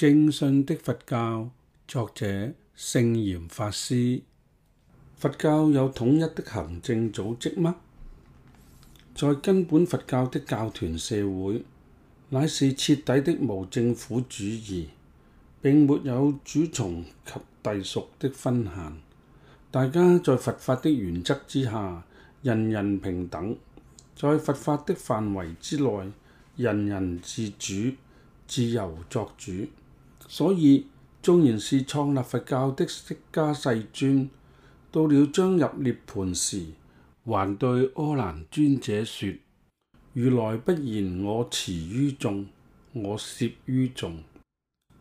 正信的佛教，作者聖嚴法師。佛教有統一的行政組織嗎？在根本佛教的教團社會，乃是徹底的無政府主義，並沒有主從及隸屬的分限。大家在佛法的原則之下，人人平等，在佛法的範圍之內，人人自主、自由作主。所以，縱然是創立佛教的釋迦世尊，到了將入涅槃時，還對阿難尊者說：如來不言我持於眾，我攝於眾。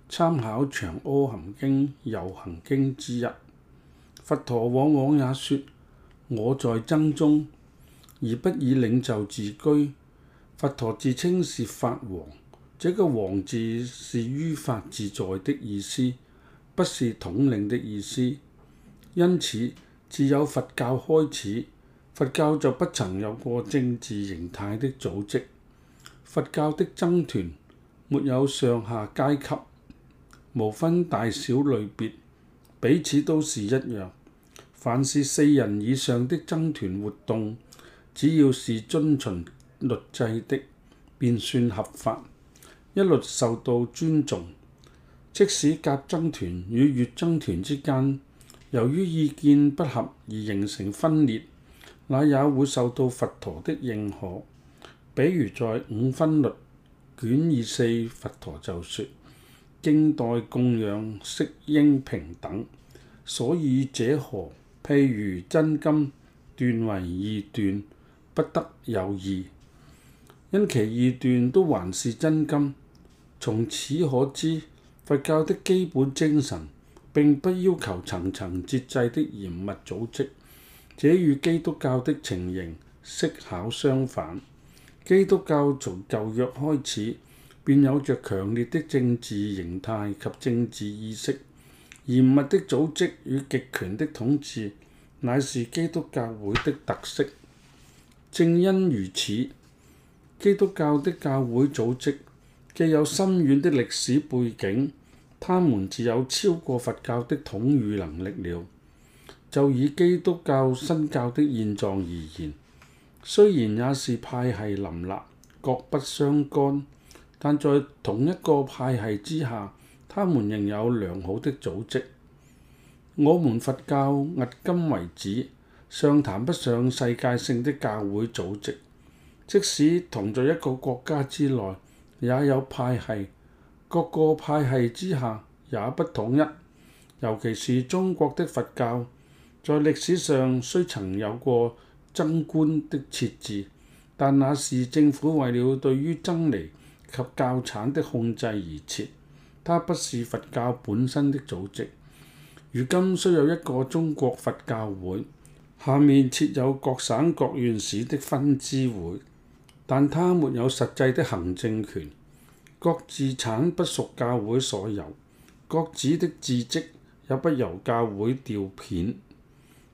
參考《長阿含經》《遊行經》行經之一，佛陀往往也說我在僧中，而不以領袖自居。佛陀自稱是法王。這個王字是於法自在的意思，不是統領的意思。因此，自有佛教開始，佛教就不曾有過政治形態的組織。佛教的僧團沒有上下階級，無分大小類別，彼此都是一樣。凡是四人以上的僧團活動，只要是遵循律制的，便算合法。一律受到尊重，即使甲僧團與乙僧團之間由於意見不合而形成分裂，那也會受到佛陀的認可。比如在五分律卷二四，佛陀就說，經代供養適應平等，所以者何，譬如真金斷為二段，不得有異，因其二段都還是真金。從此可知，佛教的基本精神並不要求層層節制的嚴密組織，這與基督教的情形適巧相反。基督教從舊約開始，便有着強烈的政治形態及政治意識，嚴密的組織與極權的統治乃是基督教會的特色。正因如此，基督教的教會組織，既有深遠的歷史背景，他們自有超過佛教的統御能力了。就以基督教新教的現狀而言，雖然也是派系林立、各不相干，但在同一個派系之下，他們仍有良好的組織。我們佛教迄今為止，尚談不上世界性的教會組織，即使同在一個國家之內。也有派系，各個派系之下也不統一，尤其是中國的佛教，在歷史上雖曾有過僧官的設置，但那是政府為了對於僧尼及教產的控制而設，它不是佛教本身的組織。如今雖有一個中國佛教會，下面設有各省各縣市的分支會。但他沒有實際的行政權，各寺產不屬教會所有，各寺的寺職也不由教會調遣，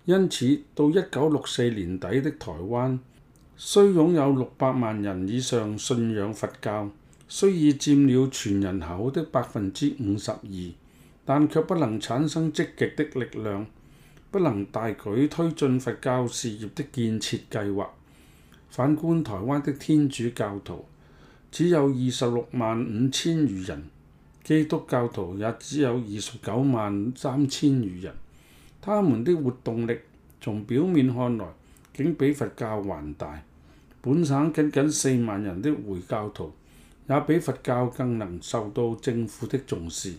因此到一九六四年底的台灣，雖擁有六百萬人以上信仰佛教，雖已佔了全人口的百分之五十二，但卻不能產生積極的力量，不能大舉推進佛教事業的建設計劃。反觀台灣的天主教徒只有二十六萬五千餘人，基督教徒也只有二十九萬三千餘人，他們的活動力從表面看來竟比佛教還大。本省僅僅四萬人的回教徒也比佛教更能受到政府的重視，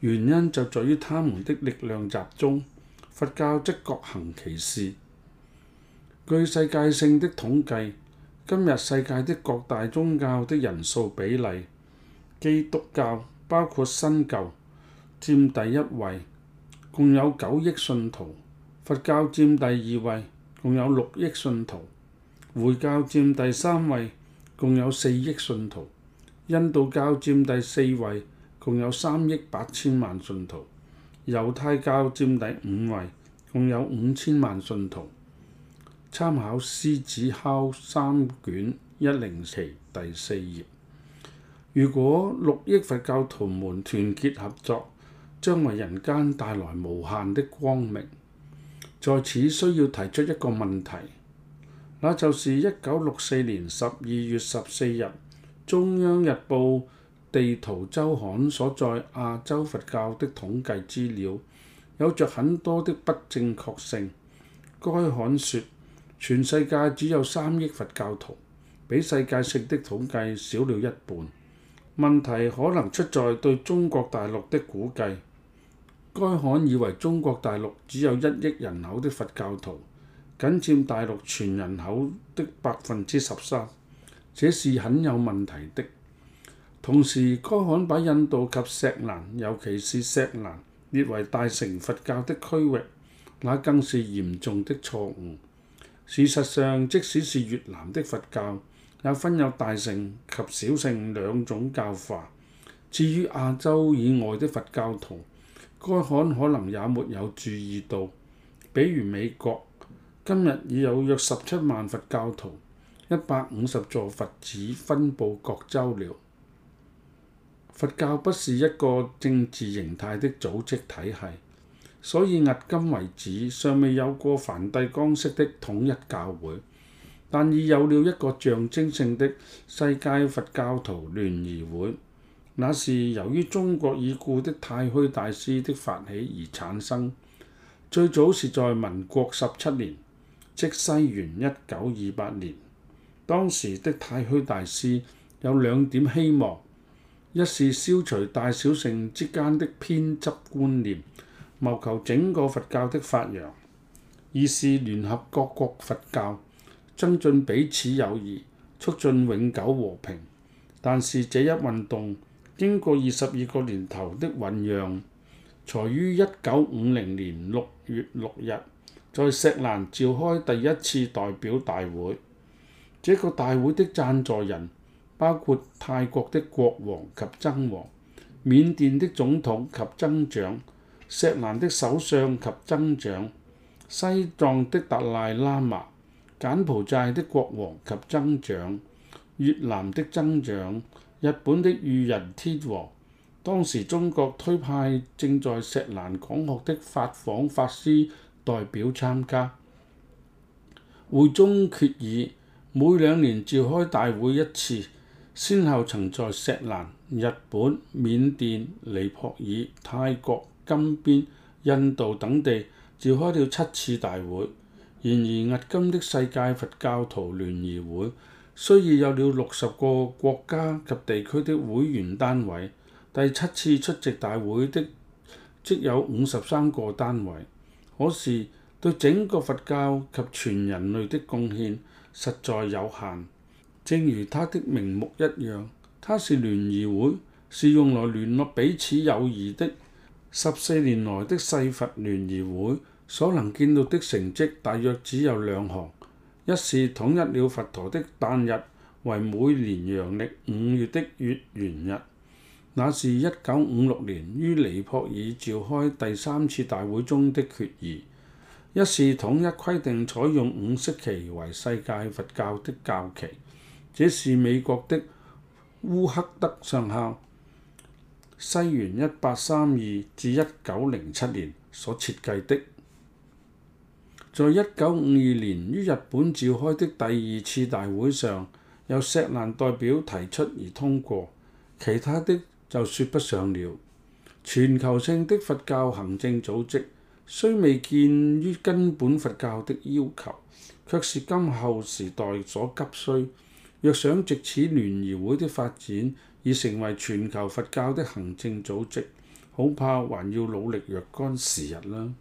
原因就在於他們的力量集中，佛教則各行其事。據世界性的統計，今日世界的各大宗教的人數比例，基督教包括新舊佔第一位，共有九億信徒；佛教佔第二位，共有六億信徒；回教佔第三位，共有四億信徒；印度教佔第四位，共有三億八千萬信徒；猶太教佔第五位，共有五千萬信徒。參考《獅子吼》三卷一零期第四頁。如果六億佛教徒們團結合作，將為人間帶來無限的光明。在此需要提出一個問題，那就是一九六四年十二月十四日《中央日報》地圖周刊所在亞洲佛教的統計資料，有着很多的不正確性。該刊說。全世界只有三億佛教徒，比世界性的統計少了一半。問題可能出在對中國大陸的估計。該刊以為中國大陸只有一億人口的佛教徒，僅佔大陸全人口的百分之十三，這是很有問題的。同時，該刊把印度及錫蘭，尤其是錫蘭列為大乘佛教的區域，那更是嚴重的錯誤。事實上，即使是越南的佛教，也分有大乘及小乘兩種教化。至於亞洲以外的佛教徒，該刊可能也沒有注意到。比如美國，今日已有約十七萬佛教徒，一百五十座佛寺分佈各州了。佛教不是一個政治形態的組織體系。所以迄今為止，尚未有過梵蒂岡式的統一教會，但已有了一個象徵性的世界佛教徒聯誼會。那是由於中國已故的太虛大師的發起而產生，最早是在民國十七年，即西元一九二八年。當時的太虛大師有兩點希望，一是消除大小乘之間的偏執觀念。謀求整個佛教的發揚，二是聯合各國佛教，增進彼此友誼，促進永久和平。但是這一運動經過二十二個年頭的醖釀，才於一九五零年六月六日，在錫蘭召開第一次代表大會。這個大會的贊助人包括泰國的國王及僧王、緬甸的總統及僧長。石蘭的首相及僧長，西藏的達賴喇嘛，柬埔寨的國王及僧長，越南的僧長，日本的裕仁天皇。當時中國推派正在石蘭講學的法舫法師代表參加。會中決議每兩年召開大會一次，先後曾在石蘭、日本、緬甸、尼泊爾、泰國。金邊、印度等地召開了七次大會。然而，迄今的世界佛教徒聯誼會雖已有了六十個國家及地區的會員單位，第七次出席大會的即有五十三個單位，可是對整個佛教及全人類的貢獻實在有限。正如它的名目一樣，它是聯誼會，是用來聯絡彼此友誼的。十四年來的世佛聯誼會所能見到的成績，大約只有兩項：一是統一了佛陀的誕日為每年陽曆五月的月圓日，那是一九五六年於尼泊爾召開第三次大會中的決議；一是統一規定採用五色旗為世界佛教的教旗，這是美國的烏克德上校，西元一八三二至一九零七年所設計的，在一九五二年於日本召開的第二次大會上，由錫蘭代表提出而通過，其他的就説不上了。全球性的佛教行政組織雖未見於根本佛教的要求，卻是今後時代所急需。若想藉此聯誼會的發展，已成為全球佛教的行政組織，恐怕還要努力若干時日啦。